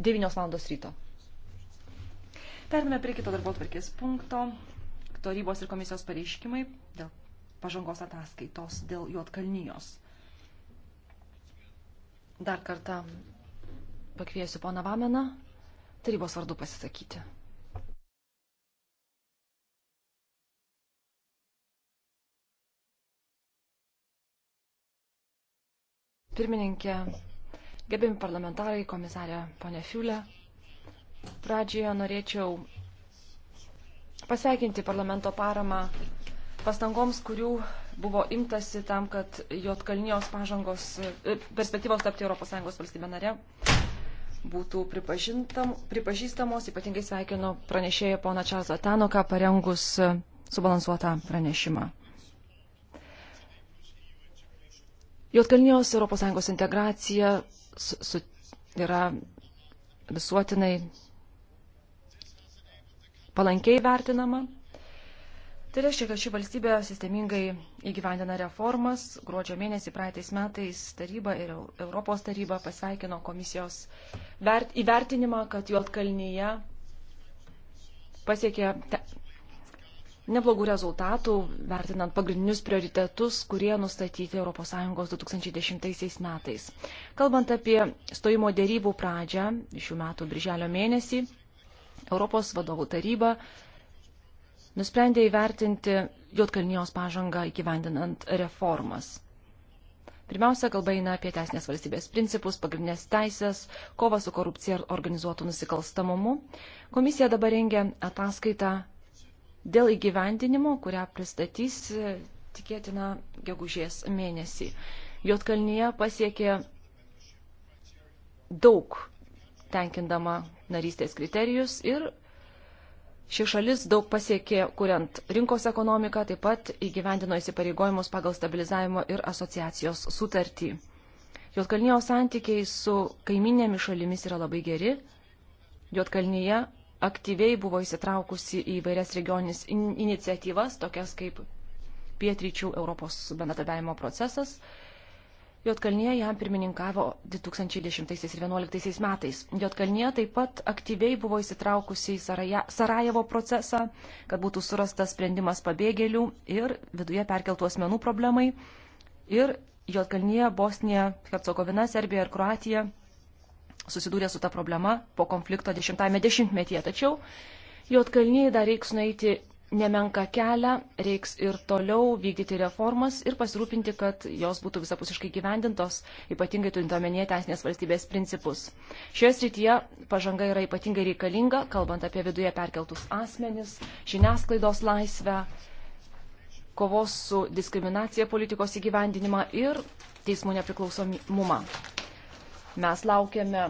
9 val. ryto. Perėmėme prie kito darbo tvarkės punkto, tarybos ir komisijos pareiškimai dėl pažangos ataskaitos dėl Juotkalnyjos. Dar kartą pakviesiu poną Vameną tarybos vardu pasisakyti. Pirmininkė, Gebėjim parlamentarai, komisarė ponė Fiulė. Pradžioje norėčiau pasveikinti parlamento paramą pastangoms, kurių buvo imtasi tam, kad Jotkalnijos pažangos e, perspektyvos tapti ES valstybė nare būtų pripažįstamos. Ypatingai sveikinu pranešėją poną Čazą Tanoką parengus subalansuotą pranešimą. Jotkalnijos ES integracija su, su, yra visuotinai palankiai vertinama. Tai reiškia, kad ši valstybė sistemingai įgyvendina reformas. Gruodžio mėnesį praeitais metais taryba ir Europos taryba pasveikino komisijos vert, įvertinimą, kad Juotkalnyje pasiekė te, neblogų rezultatų, vertinant pagrindinius prioritetus, kurie nustatyti ES 2010 metais. Kalbant apie stojimo dėrybų pradžią šių metų birželio mėnesį, Europos vadovų taryba nusprendė įvertinti Jotkalnijos pažangą įgyvendinant reformas. Pirmiausia, kalba eina apie teisinės valstybės principus, pagrindinės teisės, kovą su korupcija ir organizuotų nusikalstamumu. Komisija dabar rengia ataskaitą dėl įgyvendinimo, kurią pristatys e, tikėtina gegužės mėnesį. Jotkalnyje pasiekė daug tenkindama narystės kriterijus ir ši šalis daug pasiekė, kuriant rinkos ekonomiką, taip pat įgyvendino įsipareigojimus pagal stabilizavimo ir asociacijos sutartį. Jotkalnyjo santykiai su kaiminėmis šalimis yra labai geri. Jotkalnyje aktyviai buvo įsitraukusi į vairias regioninis iniciatyvas, tokias kaip Pietryčių Europos bendradarbiavimo procesas. Jotkalnie jam pirmininkavo 2010 ir 2011 metais. Jotkalnie taip pat aktyviai buvo įsitraukusi į Saraja, Sarajevo procesą, kad būtų surastas sprendimas pabėgėlių ir viduje perkeltų asmenų problemai. Ir Jotkalnie, Bosnija, Hercegovina, Serbija ir Kroatija susidūrė su ta problema po konflikto 10-ame dešimtmetyje. Tačiau Jotkalnyje dar reiks nueiti nemenka kelią, reiks ir toliau vykdyti reformas ir pasirūpinti, kad jos būtų visapusiškai gyvendintos, ypatingai turint omenyje teisinės valstybės principus. Šioje srityje pažanga yra ypatingai reikalinga, kalbant apie viduje perkeltus asmenis, žiniasklaidos laisvę, kovos su diskriminacija politikos įgyvendinimą ir teismų nepriklausomumą. Mes laukiame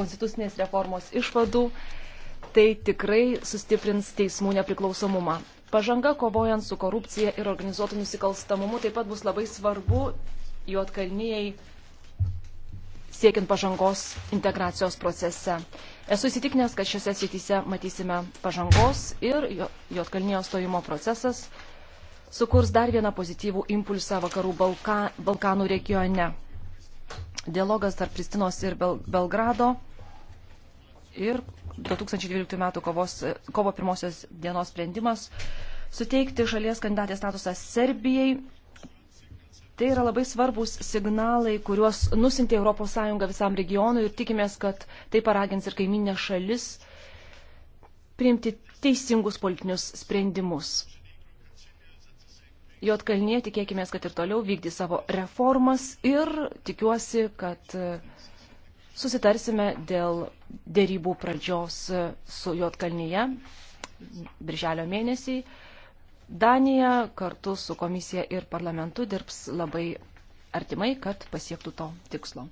konstitucinės reformos išvadų. Tai tikrai sustiprins teismų nepriklausomumą. Pažanga kovojant su korupcija ir organizuotų nusikalstamumu taip pat bus labai svarbu juotkalnyjei siekiant pažangos integracijos procese. Esu įsitikinęs, kad šiose srityse matysime pažangos ir juotkalnyjo stojimo procesas sukurs dar vieną pozityvų impulsą vakarų Balka, Balkanų regione dialogas tarp Pristinos ir Bel Belgrado ir 2012 m. Kovos, kovo pirmosios dienos sprendimas suteikti šalies kandidatės statusą Serbijai. Tai yra labai svarbus signalai, kuriuos nusintė ES visam regionui ir tikimės, kad tai paragins ir kaiminė šalis priimti teisingus politinius sprendimus. Jotkalnie tikėkime, kad ir toliau vykdys savo reformas ir tikiuosi, kad e, susitarsime dėl dėrybų pradžios e, su Jotkalnyje birželio mėnesį. Danija kartu su komisija ir parlamentu dirbs labai artimai, kad pasiektų to tikslo.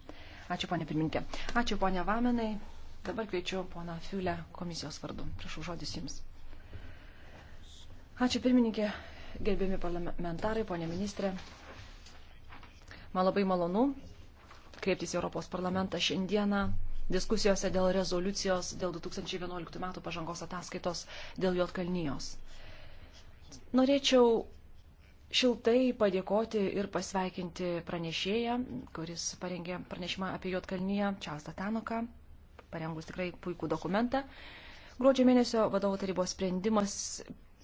Ačiū, ponė pirminkė. Ačiū, ponė Vamenai. Dabar kviečiu poną Fiulę komisijos vardu. Prašau žodis jums. Ačiū, pirmininkė gerbiami parlamentarai, ponė ministrė. Man labai malonu kreiptis į Europos parlamentą šiandieną diskusijose dėl rezoliucijos dėl 2011 metų pažangos ataskaitos dėl Jotkalnyjos. Norėčiau šiltai padėkoti ir pasveikinti pranešėją, kuris parengė pranešimą apie Jotkalnyje, Častą Tanoką, parengus tikrai puikų dokumentą. Gruodžio mėnesio vadovų tarybos sprendimas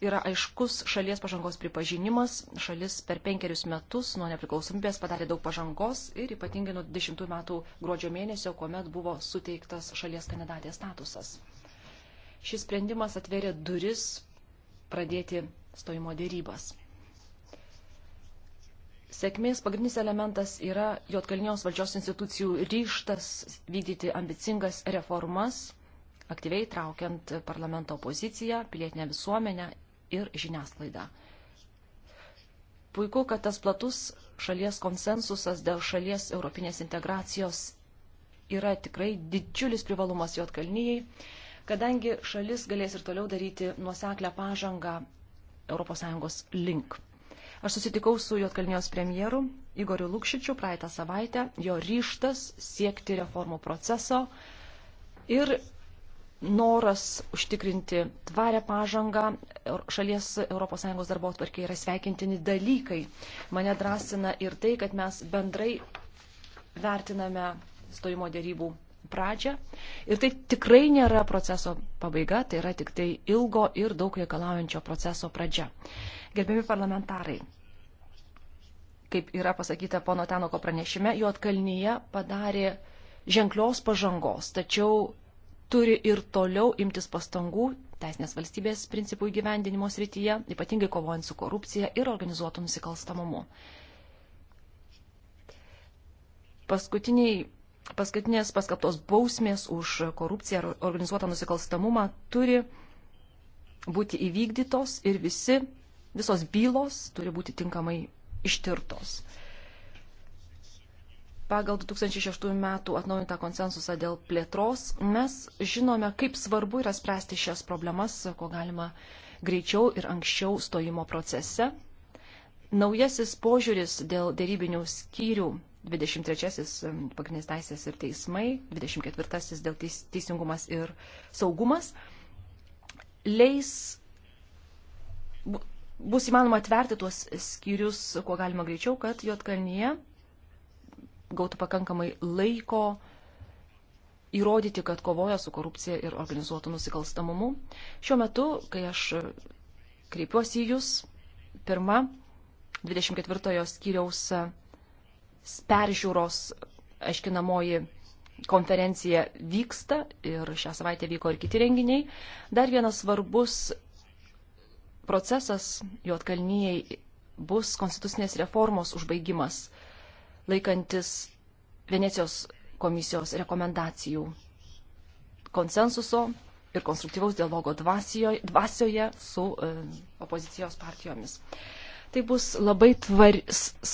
yra aiškus šalies pažangos pripažinimas. Šalis per penkerius metus nuo nepriklausomybės padarė daug pažangos ir ypatingai nuo 10 metų gruodžio mėnesio, kuomet buvo suteiktas šalies kandidatės statusas. Šis sprendimas atvėrė duris pradėti stojimo dėrybas. Sėkmės pagrindinis elementas yra Jotkalnijos valdžios institucijų ryštas vykdyti ambicingas reformas, aktyviai traukiant parlamento opoziciją, pilietinę visuomenę ir žiniasklaidą. Puiku, kad tas platus šalies konsensusas dėl šalies europinės integracijos yra tikrai didžiulis privalumas Jotkalnyjei, kadangi šalis galės ir toliau daryti nuoseklę pažangą ES link. Aš susitikau su Jotkalnijos premjeru Igoriu Lukšičiu praeitą savaitę, jo ryštas siekti reformų proceso ir noras užtikrinti tvarę pažangą šalies ES darbo atvarkiai yra sveikintini dalykai. Mane drąsina ir tai, kad mes bendrai vertiname stojimo dėrybų pradžią. Ir tai tikrai nėra proceso pabaiga, tai yra tik tai ilgo ir daug reikalaujančio proceso pradžia. Gerbiami parlamentarai, kaip yra pasakyta pono Tenoko pranešime, jo atkalnyje padarė ženklios pažangos, tačiau turi ir toliau imtis pastangų teisinės valstybės principų įgyvendinimo srityje, ypatingai kovojant su korupcija ir organizuotų nusikalstamumu. Paskutiniai paskutinės paskaptos bausmės už korupciją ir organizuotą nusikalstamumą turi būti įvykdytos ir visi, visos bylos turi būti tinkamai ištirtos. Pagal 2006 metų atnaujintą konsensusą dėl plėtros mes žinome, kaip svarbu yra spręsti šias problemas, ko galima greičiau ir anksčiau stojimo procese. Naujasis požiūris dėl dėrybinių skyrių 23-asis pagrindinės teisės ir teismai, 24-asis dėl teis, teisingumas ir saugumas, leis, bu, bus įmanoma atverti tuos skyrius, kuo galima greičiau, kad Jotkalnyje gautų pakankamai laiko įrodyti, kad kovoja su korupcija ir organizuotų nusikalstamumu. Šiuo metu, kai aš kreipiuosi į Jūs, pirma, 24 skyriaus peržiūros aiškinamoji konferencija vyksta ir šią savaitę vyko ir kiti renginiai. Dar vienas svarbus procesas Juotkalnyjei bus konstitucinės reformos užbaigimas laikantis Venecijos komisijos rekomendacijų konsensuso ir konstruktyvaus dialogo dvasioje, dvasioje su e, opozicijos partijomis. Tai bus labai tvar,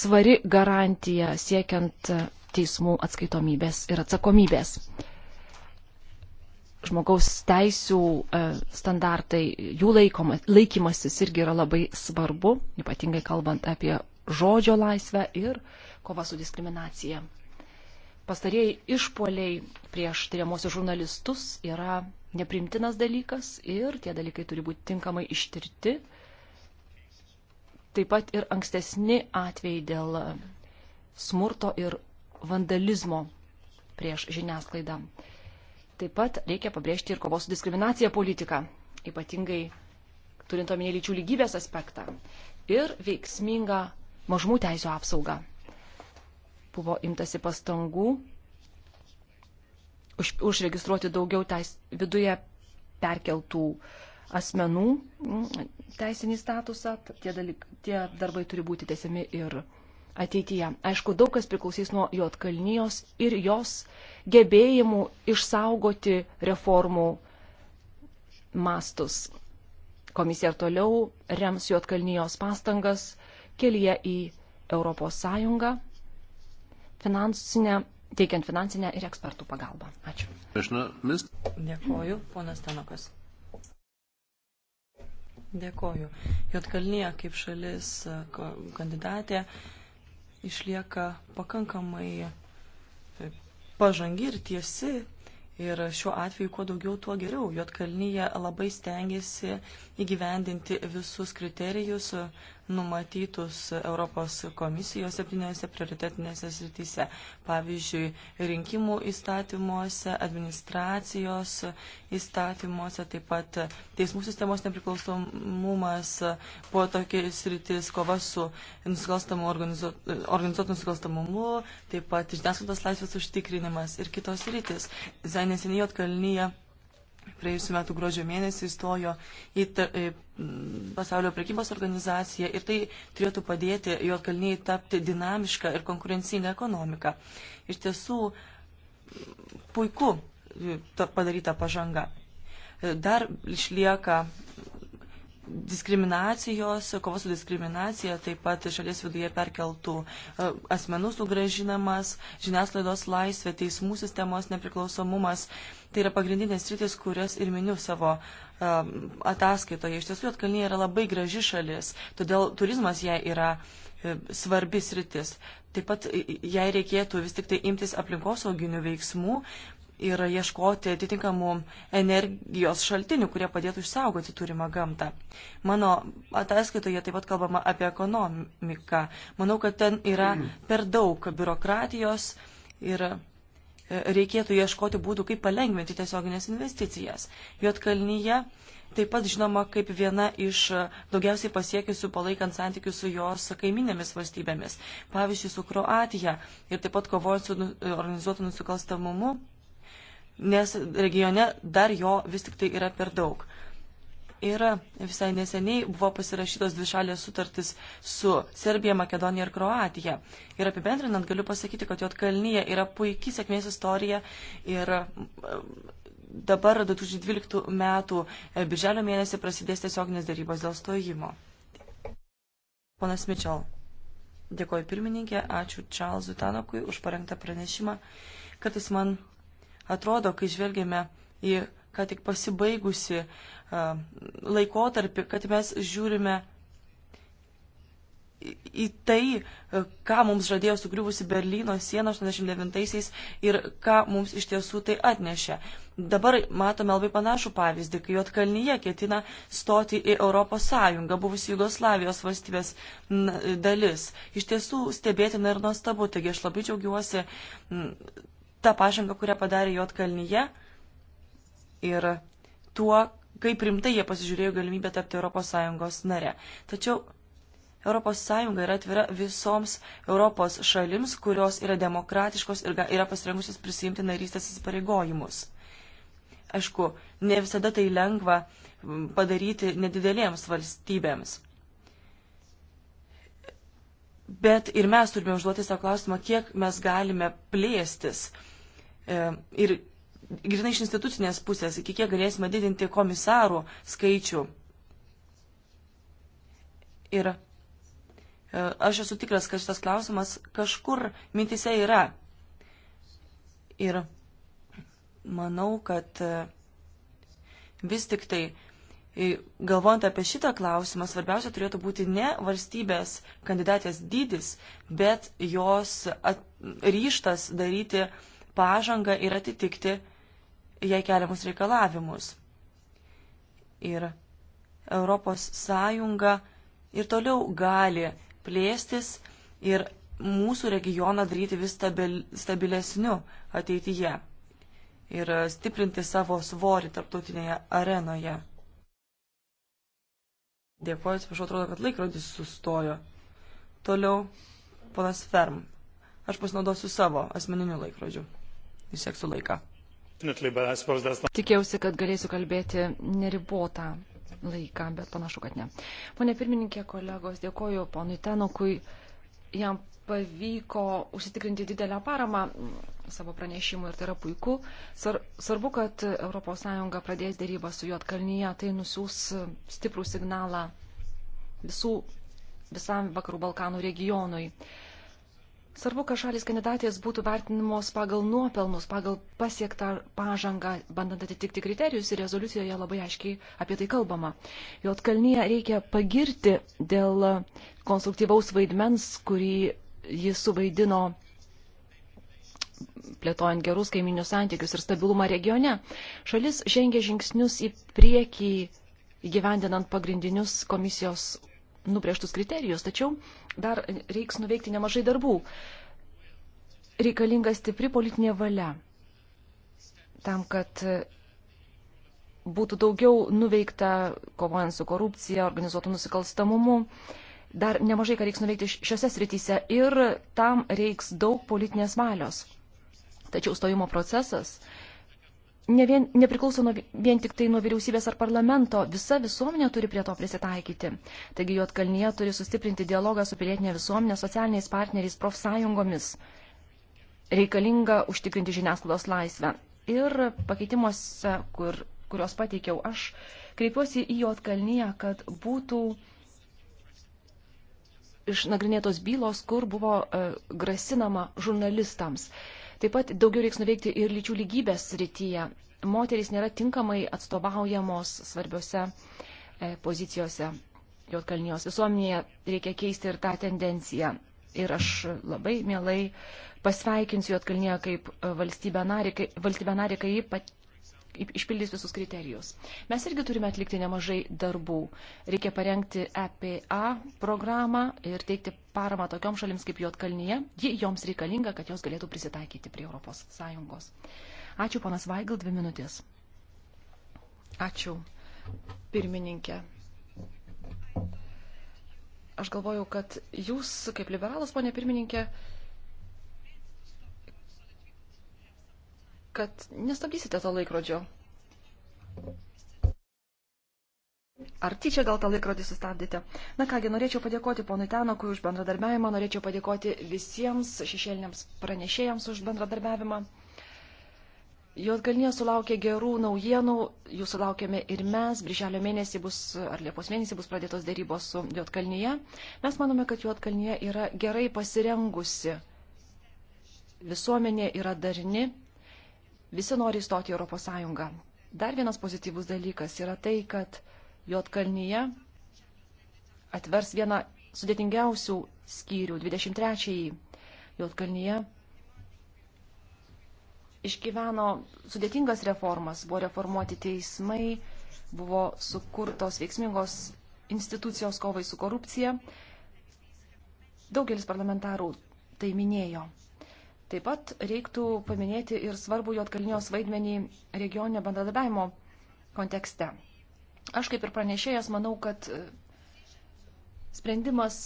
svari garantija siekiant teismų atskaitomybės ir atsakomybės. Žmogaus teisų e, standartai, jų laikoma, laikymasis irgi yra labai svarbu, ypatingai kalbant apie žodžio laisvę ir kova su diskriminacija. Pastarieji išpoliai prieš tyriamosius žurnalistus yra neprimtinas dalykas ir tie dalykai turi būti tinkamai ištirti. Taip pat ir ankstesni atvejai dėl smurto ir vandalizmo prieš žiniasklaidą. Taip pat reikia pabrėžti ir kovos su diskriminacija politiką, ypatingai turint omenyje lyčių lygybės aspektą ir veiksmingą mažumų teisų apsaugą. Buvo imtasi pastangų už, užregistruoti daugiau teis, viduje perkeltų asmenų teisinį statusą. Tie, dalyk, tie darbai turi būti tesiami ir ateityje. Aišku, daug kas priklausys nuo Jotkalnyjos ir jos gebėjimų išsaugoti reformų mastus. Komisija ir toliau rems Jotkalnyjos pastangas kelyje į Europos Sąjungą, finansinę, teikiant finansinę ir ekspertų pagalbą. Ačiū. Dėkoju, ponas Tanokas. Dėkoju. Jotkalnyje kaip šalis kandidatė išlieka pakankamai e, pažangi ir tiesi Ir šiuo atveju kuo daugiau, tuo geriau. Jotkalnyje labai stengiasi įgyvendinti visus kriterijus, numatytus Europos komisijos septyniose prioritetinėse srityse, pavyzdžiui, rinkimų įstatymuose, administracijos įstatymuose, taip pat teismų sistemos nepriklausomumas, buvo tokia sritis kova su nusikalstamu organizuotu nusikalstamumu, taip pat žiniasklaidos laisvės užtikrinimas ir kitos sritis. Zainės Nijot kalnyje praėjusiu metu gruodžio mėnesį įstojo į pasaulio prekybos organizaciją ir tai turėtų padėti juodkalniai tapti dinamišką ir konkurencingą ekonomiką. Iš tiesų puiku padaryta pažanga. Dar išlieka diskriminacijos, kovos su diskriminacija, taip pat šalies viduje perkeltų e, asmenų sugražinamas, žiniasklaidos laisvė, teismų sistemos nepriklausomumas. Tai yra pagrindinės rytis, kurias ir miniu savo um, ataskaitoje. Iš tiesų, Atkalnyje yra labai graži šalis, todėl turizmas jai yra e, svarbis rytis. Taip pat jai reikėtų vis tik tai imtis aplinkosauginių veiksmų, ir ieškoti atitinkamų energijos šaltinių, kurie padėtų išsaugoti turimą gamtą. Mano ataskaitoje taip pat kalbama apie ekonomiką. Manau, kad ten yra per daug biurokratijos ir e, reikėtų ieškoti būdų, kaip palengventi tiesioginės investicijas. Jotkalnyje taip pat žinoma kaip viena iš daugiausiai pasiekiusių palaikant santykius su jos kaiminėmis valstybėmis, pavyzdžiui, su Kroatija ir taip pat kovojant su nu, organizuotu nusikalstamumu nes regione dar jo vis tik tai yra per daug. Ir visai neseniai buvo pasirašytos dvišalės sutartis su Serbija, Makedonija ir Kroatija. Ir apibendrinant galiu pasakyti, kad Jotkalnyje yra puikiai sėkmės istorija ir e, dabar 2012 metų e, birželio mėnesį prasidės tiesioginės darybos dėl stojimo. Ponas Mičel. Dėkoju pirmininkė, ačiū Čarlzui Tanokui už parengtą pranešimą. Kartais man Atrodo, kai žvelgiame į ką tik pasibaigusi laikotarpį, kad mes žiūrime į tai, ką mums žadėjo sugriuvusi Berlyno siena 89-aisiais ir ką mums iš tiesų tai atnešė. Dabar matome labai panašų pavyzdį, kai Jotkalnyje ketina stoti į Europos Sąjungą, buvusi Jugoslavijos valstybės dalis. Iš tiesų stebėtina ir nuostabu, taigi aš labai džiaugiuosi tą pažangą, kurią padarė Jotkalnyje ir tuo, kaip rimtai jie pasižiūrėjo galimybę tapti ES nare. Tačiau ES yra atvira visoms Europos šalims, kurios yra demokratiškos ir yra pasirengusios prisimti narystės įsipareigojimus. Aišku, ne visada tai lengva padaryti nedidelėms valstybėms. Bet ir mes turime užduoti savo klausimą, kiek mes galime plėstis E, ir grinai iš institucinės pusės, iki kiek galėsime didinti komisarų skaičių. Ir e, aš esu tikras, kad šitas klausimas kažkur mintise yra. Ir manau, kad e, vis tik tai galvojant apie šitą klausimą, svarbiausia turėtų būti ne valstybės kandidatės dydis, bet jos ryštas daryti uh, pažangą ir atitikti jai keliamus reikalavimus. Ir Europos Sąjunga ir toliau gali plėstis ir mūsų regioną daryti vis stabil, stabilesniu ateityje ir stiprinti savo svorį tarptautinėje arenoje. Dėkuoju, atsiprašau, atrodo, kad laikrodis sustojo. Toliau, ponas Ferm, aš pasinaudosiu savo asmeniniu laikrodžiu seksu laiką. Tikėjausi, kad galėsiu kalbėti neribotą laiką, bet panašu, kad ne. Pone pirmininkė, kolegos, dėkoju ponui Tenokui. Jam pavyko užsitikrinti didelę paramą savo pranešimui ir tai yra puiku. Svarbu, kad ES pradės dėrybą su Juotkalnyje, tai nusiūs stiprų signalą visų, visam Vakarų Balkanų regionui. Svarbu, kad šalis kandidatės būtų vertinamos pagal nuopelnus, pagal pasiektą pažangą, bandant atitikti kriterijus ir rezoliucijoje labai aiškiai apie tai kalbama. Jotkalnyje reikia pagirti dėl konstruktyvaus vaidmens, kurį jis suvaidino plėtojant gerus kaiminius santykius ir stabilumą regione. Šalis žengia žingsnius į priekį įgyvendinant pagrindinius komisijos nubrieštus kriterijus, tačiau dar reiks nuveikti nemažai darbų. Reikalinga stipri politinė valia tam, kad būtų daugiau nuveikta kovojant su korupcija, organizuotų nusikalstamumu. Dar nemažai ką reiks nuveikti šiose srityse ir tam reiks daug politinės valios. Tačiau stojimo procesas ne vien, nepriklauso nuo, vien tik tai nuo vyriausybės ar parlamento, visa visuomenė turi prie to prisitaikyti. Taigi Juotkalnyje turi sustiprinti dialogą su pilietinė visuomenė, socialiniais partneriais, profsąjungomis. Reikalinga užtikrinti žiniasklaidos laisvę. Ir pakeitimuose, kur, kurios pateikiau aš, kreipiuosi į Juotkalnyje, kad būtų išnagrinėtos bylos, kur buvo uh, grasinama žurnalistams. Uh, Taip pat daugiau reiks nuveikti ir lyčių lygybės srityje. Moterys nėra tinkamai atstovaujamos svarbiose e, pozicijose Jotkalnijos visuomenėje. Reikia keisti ir tą tendenciją. Ir aš labai mielai pasveikinsiu Jotkalniją kaip e, valstybę narį, kai, valstybę narį, kai ji išpildys visus kriterijus. Mes irgi turime atlikti nemažai darbų. Reikia parengti EPA programą ir teikti paramą tokiom šalims kaip Jotkalnyje. Ji joms reikalinga, kad jos galėtų prisitaikyti prie ES. Ačiū, panas Vaigal, dvi minutės. Ačiū, pirmininkė. Aš galvojau, kad jūs, kaip liberalas, ponė pirmininkė, kad nestabdysite to laikrodžio. Ar tyčia gal tą laikrodį sustabdėte? Na kągi, norėčiau padėkoti ponui Tenokui už bendradarbiavimą, norėčiau padėkoti visiems šešėliniams pranešėjams už bendradarbiavimą. Jotkalnie sulaukė gerų naujienų, jų sulaukėme ir mes. Birželio mėnesį bus, ar Liepos mėnesį bus pradėtos dėrybos su Jotkalnyje. Mes manome, kad Jotkalnyje yra gerai pasirengusi. Visuomenė yra darni Visi nori įstoti į Europos Sąjungą. Dar vienas pozityvus dalykas yra tai, kad Jotkalnyje atvers vieną sudėtingiausių skyrių, 23-ąjį Jotkalnyje išgyveno sudėtingas reformas, buvo reformuoti teismai, buvo sukurtos veiksmingos institucijos kovai su korupcija. Daugelis parlamentarų tai minėjo. Taip pat reiktų paminėti ir svarbu Jotkalinios vaidmenį regioninio bendradarbiavimo kontekste. Aš kaip ir pranešėjas manau, kad e, sprendimas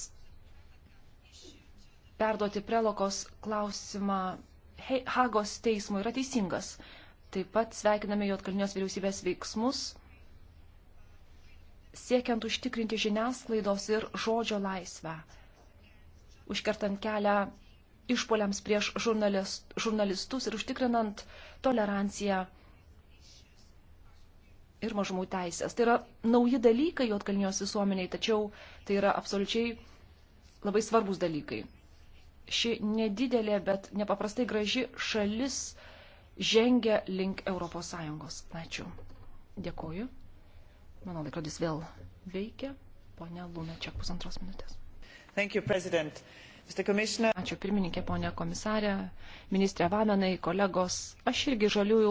perduoti prelokos klausimą Hagos teismui yra teisingas. Taip pat sveikiname Jotkalinios vyriausybės veiksmus siekiant užtikrinti žiniasklaidos ir žodžio laisvę, užkertant kelią išpoliams prieš žurnalistus ir užtikrinant toleranciją ir mažumų teisės. Tai yra nauji dalykai juotkalnijos visuomeniai, tačiau tai yra absoliučiai labai svarbus dalykai. Ši nedidelė, bet nepaprastai graži šalis žengia link ES. Ačiū. Dėkoju. Mano laikrodis vėl veikia. Pone Lūna, čia pusantros minutės. Thank you, President. Uh, Ačiū pirmininkė, ponė komisarė, ministrė Vamenai, kolegos. Aš irgi žaliųjų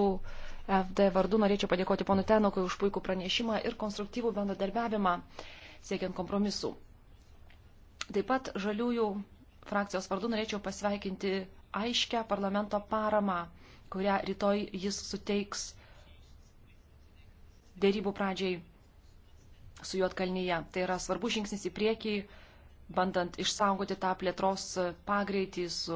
FD vardu norėčiau padėkoti ponu Tenokui už puikų pranešimą ir konstruktyvų bendradarbiavimą siekiant kompromisų. Taip pat žaliųjų frakcijos vardu norėčiau pasveikinti aiškę parlamento paramą, kurią rytoj jis suteiks dėrybų pradžiai su Juotkalnyje. Tai yra svarbus žingsnis į priekį bandant išsaugoti tą plėtros pagreitį su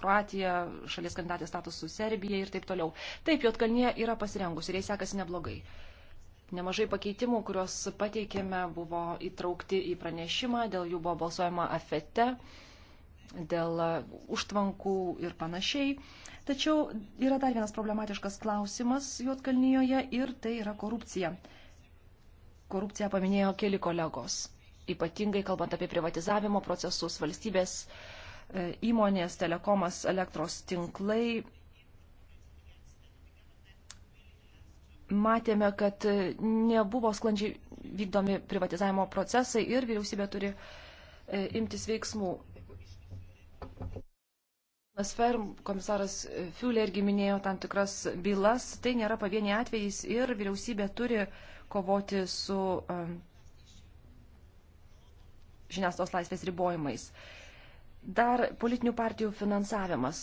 Kroatija, šalies kandidatės statusu Serbija ir taip toliau. Taip, Jotkalnie yra pasirengusi ir jai sekasi neblogai. Nemažai pakeitimų, kuriuos pateikėme, buvo įtraukti į pranešimą, dėl jų buvo balsuojama afete, dėl užtvankų ir panašiai. Tačiau yra dar vienas problematiškas klausimas Jotkalnyjoje ir tai yra korupcija. Korupciją paminėjo keli kolegos ypatingai kalbant apie privatizavimo procesus, valstybės e, įmonės, telekomas, elektros tinklai. Matėme, kad e, nebuvo sklandžiai vykdomi privatizavimo procesai ir vyriausybė turi e, imtis veiksmų. Sfer komisaras Fiulė irgi minėjo tam tikras bylas, tai nėra pavieniai atvejais ir vyriausybė turi kovoti su žiniasklaidos laisvės ribojimais. Dar politinių partijų finansavimas.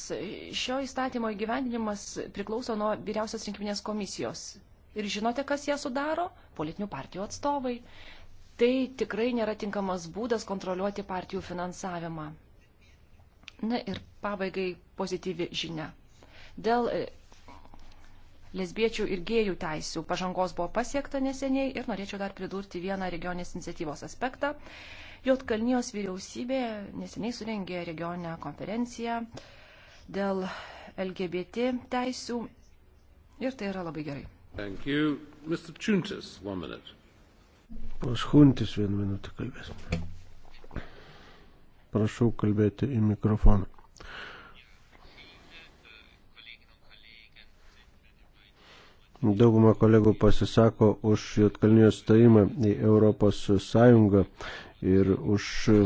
Šio įstatymo įgyvendinimas priklauso nuo vyriausios rinkiminės komisijos. Ir žinote, kas ją sudaro? Politinių partijų atstovai. Tai tikrai nėra tinkamas būdas kontroliuoti partijų finansavimą. Na ir pabaigai pozityvi žinia. Dėl e, lesbiečių ir gėjų teisių pažangos buvo pasiekta neseniai ir norėčiau dar pridurti vieną regionės iniciatyvos aspektą. Jotkalnijos vyriausybė neseniai surengė regioninę konferenciją dėl LGBT teisių ir tai yra labai gerai. Thank you. Mr. Chuntis, one minute. Pas Huntis vieną minutę kalbės. Prašau kalbėti į mikrofoną. Dauguma kolegų pasisako už Jotkalnijos stojimą į Europos Sąjungą ir už e,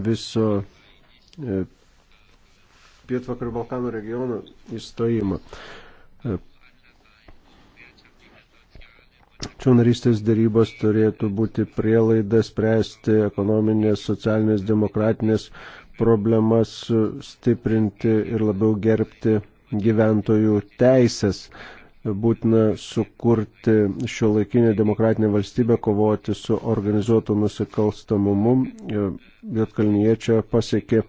viso e, Pietvakarių Balkanų regiono įstojimą. E, Čia narystės darybos turėtų būti prielaida spręsti ekonominės, socialinės, demokratinės problemas, stiprinti ir labiau gerbti gyventojų teisės būtina sukurti šio laikinę demokratinę valstybę, kovoti su organizuotu nusikalstamumu. Vietkalnyje čia pasiekė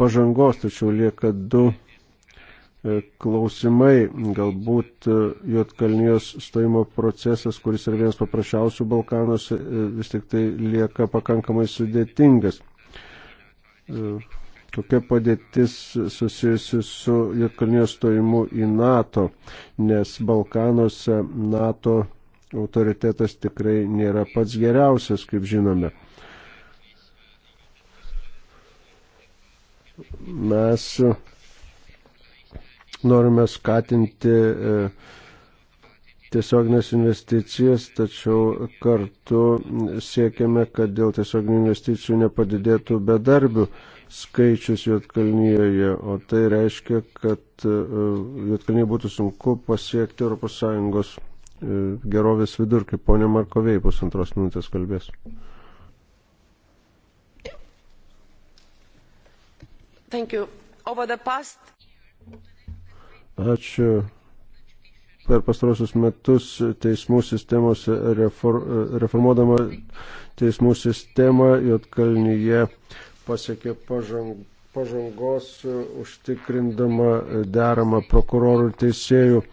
pažangos, tačiau lieka du e, klausimai, galbūt Jotkalnijos e, stojimo procesas, kuris yra vienas paprasčiausių Balkanuose, e, vis tik tai lieka pakankamai sudėtingas kokia padėtis susijusi su Jotkalnijos stojimu į NATO, nes Balkanuose NATO autoritetas tikrai nėra pats geriausias, kaip žinome. Mes norime skatinti e, tiesioginės investicijas, tačiau kartu siekiame, kad dėl tiesioginių investicijų nepadidėtų bedarbių skaičius Jotkalnyje, o tai reiškia, kad e, Jotkalnyje būtų sunku pasiekti ES e, gerovės vidurkį. Pone Markovei, pusantros minutės kalbės. Thank you. Over the past... Ačiū per pastarosius metus teismų sistemos reformuodama teismų sistemą Jotkalnyje pasiekė pažang, pažangos užtikrindama deramą prokurorų ir teisėjų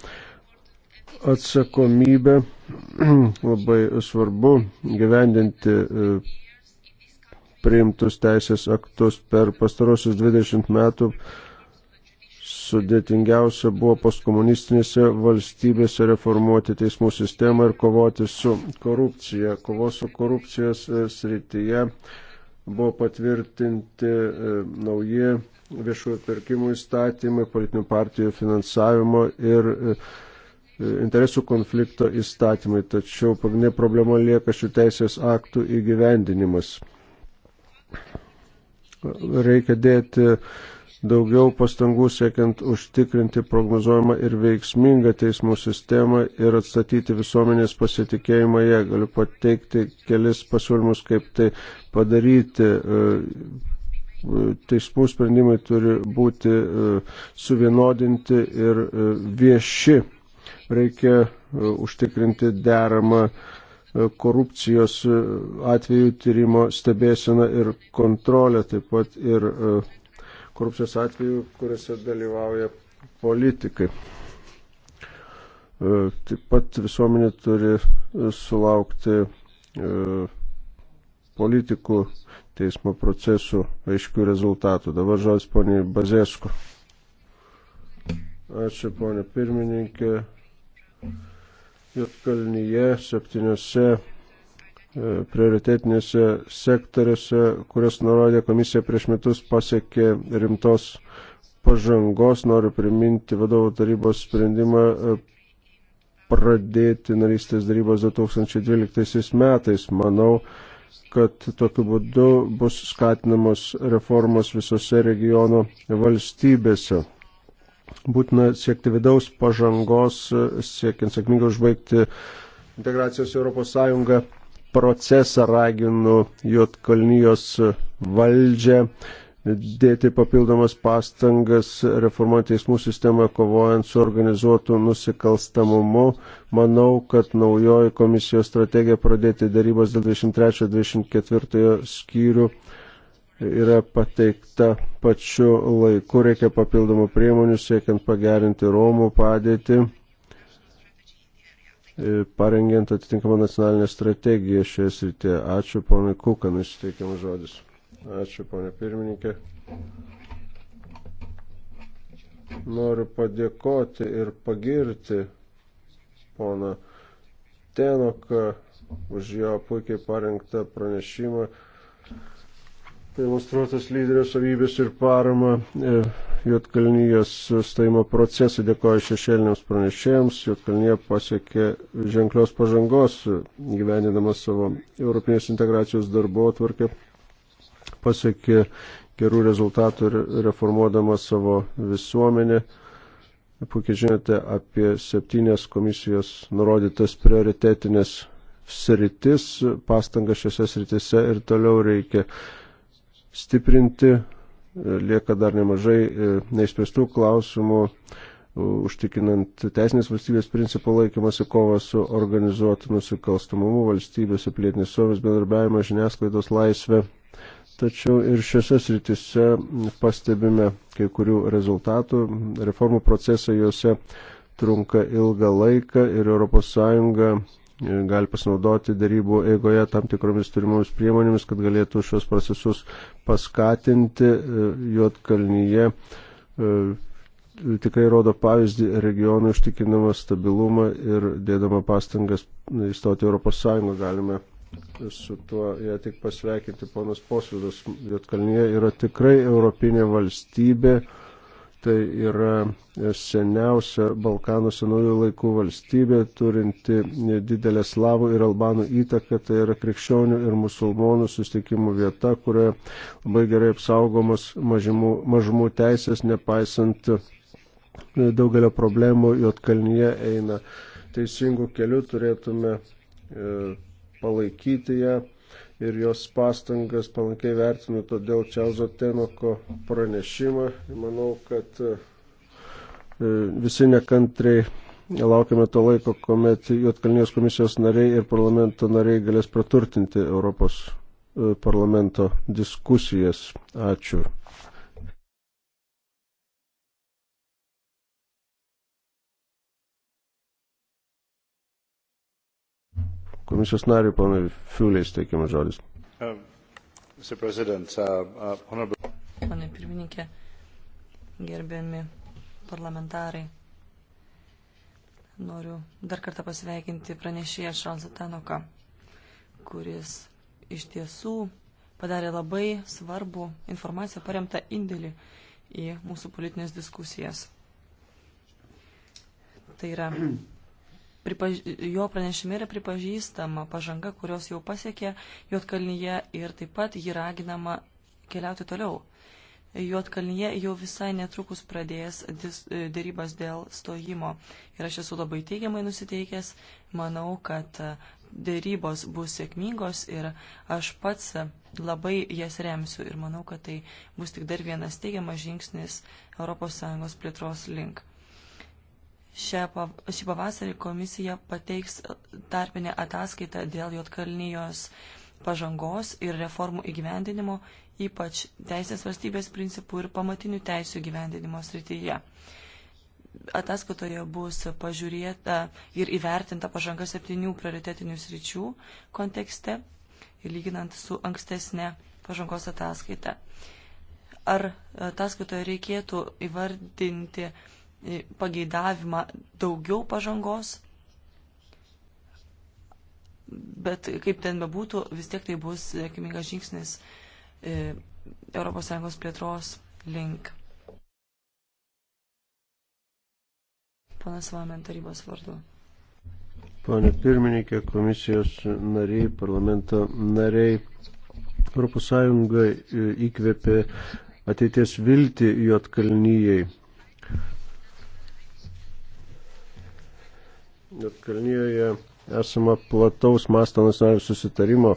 atsakomybę. Labai svarbu gyvendinti e, priimtus teisės aktus per pastarosius 20 metų sudėtingiausia buvo postkomunistinėse valstybėse reformuoti teismų sistemą ir kovoti su korupcija. Kovos su korupcijos e, srityje buvo patvirtinti e, nauji viešųjų pirkimų įstatymai, politinių partijų finansavimo ir e, interesų konflikto įstatymai, tačiau pagrindinė problema lieka šių teisės aktų įgyvendinimas. Reikia dėti daugiau pastangų siekiant užtikrinti prognozuojamą ir veiksmingą teismų sistemą ir atstatyti visuomenės pasitikėjimą ją. Galiu pateikti kelis pasiūlymus, kaip tai padaryti. E, e, teismų sprendimai turi būti e, suvienodinti ir vieši. Reikia užtikrinti deramą korupcijos atvejų tyrimo stebėsena ir kontrolė, taip pat ir korupcijos atvejų, kuriuose dalyvauja politikai. E, taip pat visuomenė turi sulaukti e, politikų teismo procesų aiškių rezultatų. Dabar žodis poniai Bazesku. Ačiū ponė pirmininkė. Jotkalnyje septyniose prioritetinėse sektoriuose, kurias nurodė komisija prieš metus, pasiekė rimtos pažangos. Noriu priminti vadovo tarybos sprendimą e, pradėti narystės darybos 2012 metais. Manau, kad tokiu būdu bus skatinamos reformos visose regiono valstybėse. Būtina siekti vidaus pažangos, siekiant sėkmingai užbaigti integracijos Europos Sąjungą procesą, raginu Jotkalnyjos valdžią dėti papildomas pastangas reformuoti teismų sistemą, kovojant su organizuotu nusikalstamumu. Manau, kad naujoji komisijos strategija pradėti darybos dėl 23-24 skyrių yra pateikta pačiu laiku. Reikia papildomų priemonių siekiant pagerinti Romų padėtį. E, parengiant atitinkamą nacionalinę strategiją šioje srityje. Ačiū ponui Kukanui suteikiamas žodis. Ačiū ponė pirmininkė. Noriu padėkoti ir pagirti poną Tenoką už jo puikiai parengtą pranešimą iliustruotas lyderio savybės ir parama e, Jotkalnyjos stojimo procesą. Dėkoju šešėliniams pranešėjams. Jotkalnyje pasiekė ženklios pažangos, gyvenindamas savo Europinės integracijos darbo atvarkę. Pasiekė gerų rezultatų ir reformuodamas savo visuomenę. Puikiai žinote apie septynės komisijos nurodytas prioritetinės sritis. Pastanga šiose sritise ir toliau reikia stiprinti. Lieka dar nemažai e, neįspręstų klausimų, užtikinant teisinės valstybės principų laikymasi kovą su organizuotu nusikalstamumu, valstybės ir plėtinės suomis bendarbiavimą, žiniasklaidos laisvę. Tačiau ir šiose sritise pastebime kai kurių rezultatų. Reformų procesai juose trunka ilgą laiką ir ES gali pasinaudoti darybų eigoje tam tikromis turimomis priemonėmis, kad galėtų šios procesus paskatinti e, juotkalnyje. E, tikrai rodo pavyzdį regionų ištikinamą stabilumą ir dėdama pastangas įstoti Europos Sąjungą galime su tuo ją ja, tik pasveikinti. Ponas Posvidas, Jotkalnyje yra tikrai europinė valstybė tai yra seniausia Balkanų senųjų laikų valstybė, turinti didelę slavų ir albanų įtaką, tai yra krikščionių ir musulmonų susitikimų vieta, kurioje labai gerai apsaugomos mažimų, mažumų teisės, nepaisant daugelio problemų, Jotkalnyje eina teisingų kelių, turėtume e, palaikyti ją ir jos pastangas palankiai vertinu, todėl Čiauzo Tenoko pranešimą. Manau, kad e, visi nekantriai laukiame to laiko, kuomet Jotkalnijos komisijos nariai ir parlamento nariai galės praturtinti Europos e, parlamento diskusijas. Ačiū. Komisijos nariui, ponai Fiuliais, teikiamas žodis. Um, Pane uh, uh, pirmininkė, gerbiami parlamentarai, noriu dar kartą pasveikinti pranešėją Šalzą Tanoką, kuris iš tiesų padarė labai svarbu informaciją paremtą indėlį į mūsų politinės diskusijas. Tai yra pripaž... jo pranešime yra pripažįstama pažanga, kurios jau pasiekė Juotkalnyje ir taip pat jį raginama keliauti toliau. Juotkalnyje jau visai netrukus pradės dis... dėrybas dėl stojimo ir aš esu labai teigiamai nusiteikęs, manau, kad dėrybos bus sėkmingos ir aš pats labai jas remsiu ir manau, kad tai bus tik dar vienas teigiamas žingsnis ES plėtros link. Šį pavasarį komisija pateiks tarpinę ataskaitą dėl Jotkalnyjos pažangos ir reformų įgyvendinimo, ypač teisės valstybės principų ir pamatinių teisų įgyvendinimo srityje. Ataskaitoje bus pažiūrėta ir įvertinta pažanga septynių prioritetinių sričių kontekste, lyginant su ankstesnė pažangos ataskaita. Ar ataskaitoje reikėtų įvardinti pageidavimą daugiau pažangos, bet kaip ten bebūtų, vis tiek tai bus sėkmingas žingsnis ES plėtros link. Panas Vamen tarybos vardu. Pane pirmininkė, komisijos nariai, parlamento nariai, ES e, įkvėpė ateities viltį Jotkalnyjei. Juodkalnyje esama plataus masto nacionalinio susitarimo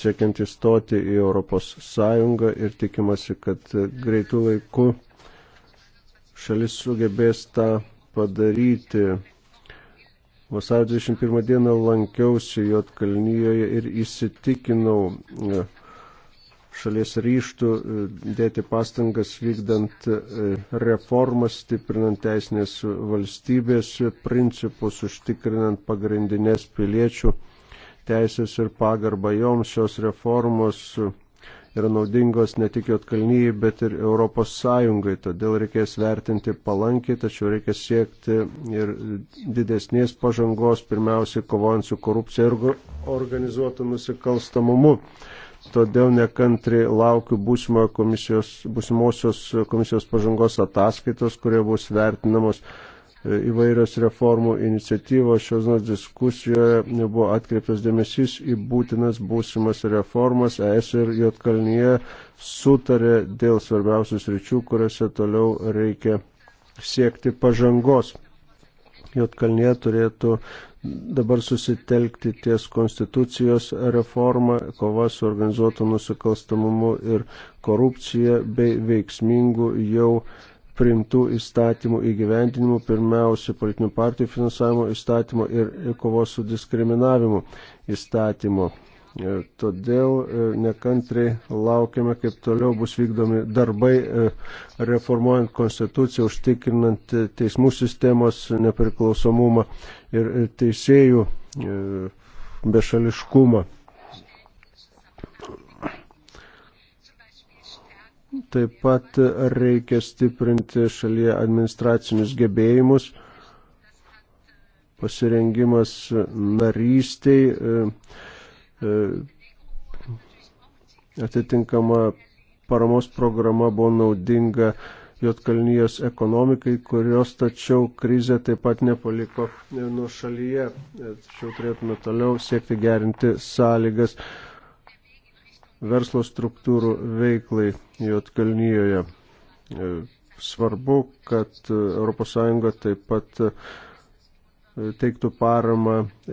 siekiant įstoti į Europos Sąjungą ir tikimasi, kad greitų laikų šalis sugebės tą padaryti. Vasario 21 dieną lankiausi Jotkalnyje ir įsitikinau šalies ryštų e, dėti pastangas vykdant e, reformas, stiprinant teisinės valstybės principus, užtikrinant pagrindinės piliečių teisės ir pagarbą joms šios reformos yra naudingos ne tik Jotkalnyje, bet ir Europos Sąjungai. Todėl reikės vertinti palankiai, tačiau reikia siekti ir didesnės pažangos, pirmiausiai kovojant su korupcija ir organizuotu nusikalstamumu todėl nekantriai laukiu komisijos, būsimosios komisijos pažangos ataskaitos, kurie bus vertinamos e, įvairios reformų iniciatyvos. Šios nors diskusijoje buvo atkreiptas dėmesys į būtinas būsimas reformas. ES ir Jotkalnyje sutarė dėl svarbiausių sričių, kuriuose toliau reikia siekti pažangos. Jotkalnie turėtų dabar susitelkti ties konstitucijos reforma, kova su organizuotu nusikalstamumu ir korupcija bei veiksmingų jau priimtų įstatymų įgyvendinimu, pirmiausia, politinių partijų finansavimo įstatymo ir kovos su diskriminavimu įstatymo. E, todėl e, nekantriai laukiame, kaip toliau bus vykdomi darbai e, reformuojant konstituciją, užtikrinant teismų sistemos nepriklausomumą ir teisėjų bešališkumą. Taip pat reikia stiprinti šalyje administracinius gebėjimus, pasirengimas narystiai E, atitinkama paramos programa buvo naudinga Jotkalnyjos ekonomikai, kurios tačiau krizė taip pat nepaliko e, nuo šalyje. E, tačiau turėtume toliau siekti gerinti sąlygas verslo struktūrų veiklai Jotkalnyjoje. Svarbu, kad ES taip pat teiktų paramą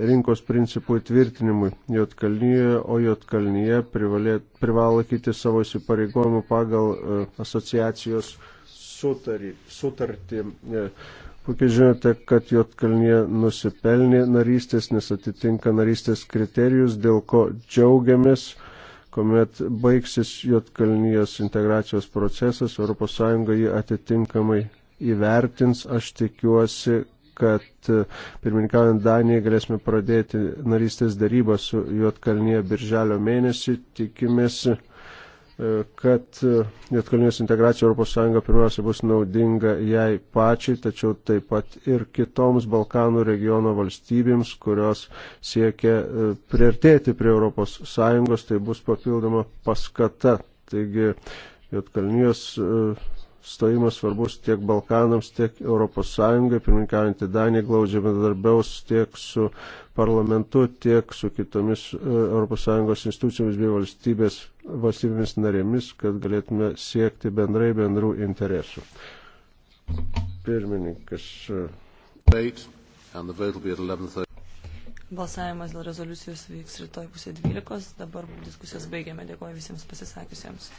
rinkos principų įtvirtinimui Jotkalnyje, o Jotkalnyje privalo kiti savo įsipareigojimų pagal e, asociacijos sutarį, sutartį. E, puikiai žinote, kad Jotkalnyje nusipelnė narystės, nes atitinka narystės kriterijus, dėl ko džiaugiamės, kuomet baigsis Jotkalnyjas integracijos procesas, ES jį atitinkamai įvertins. Aš tikiuosi, kad e, pirmininkaujant Danijai galėsime pradėti narystės darybą su Juotkalnyje birželio mėnesį. Tikimės, e, kad e, Juotkalnyjos integracija ES pirmiausia bus naudinga jai pačiai, tačiau taip pat ir kitoms Balkanų regiono valstybėms, kurios siekia priartėti prie ES, tai bus papildoma paskata. Taigi, Jotkalnijos stojimas svarbus tiek Balkanams, tiek ES. Pirminkaujantį Daniją glaudžiai bendradarbiaus tiek su parlamentu, tiek su kitomis ES institucijomis bei valstybės, valstybėmis narėmis, kad galėtume siekti bendrai bendrų interesų. Pirmininkas. E. Balsavimas dėl rezoliucijos vyks rytoj pusė 12. Dabar diskusijas baigiame. Dėkuoju visiems pasisakiusiems.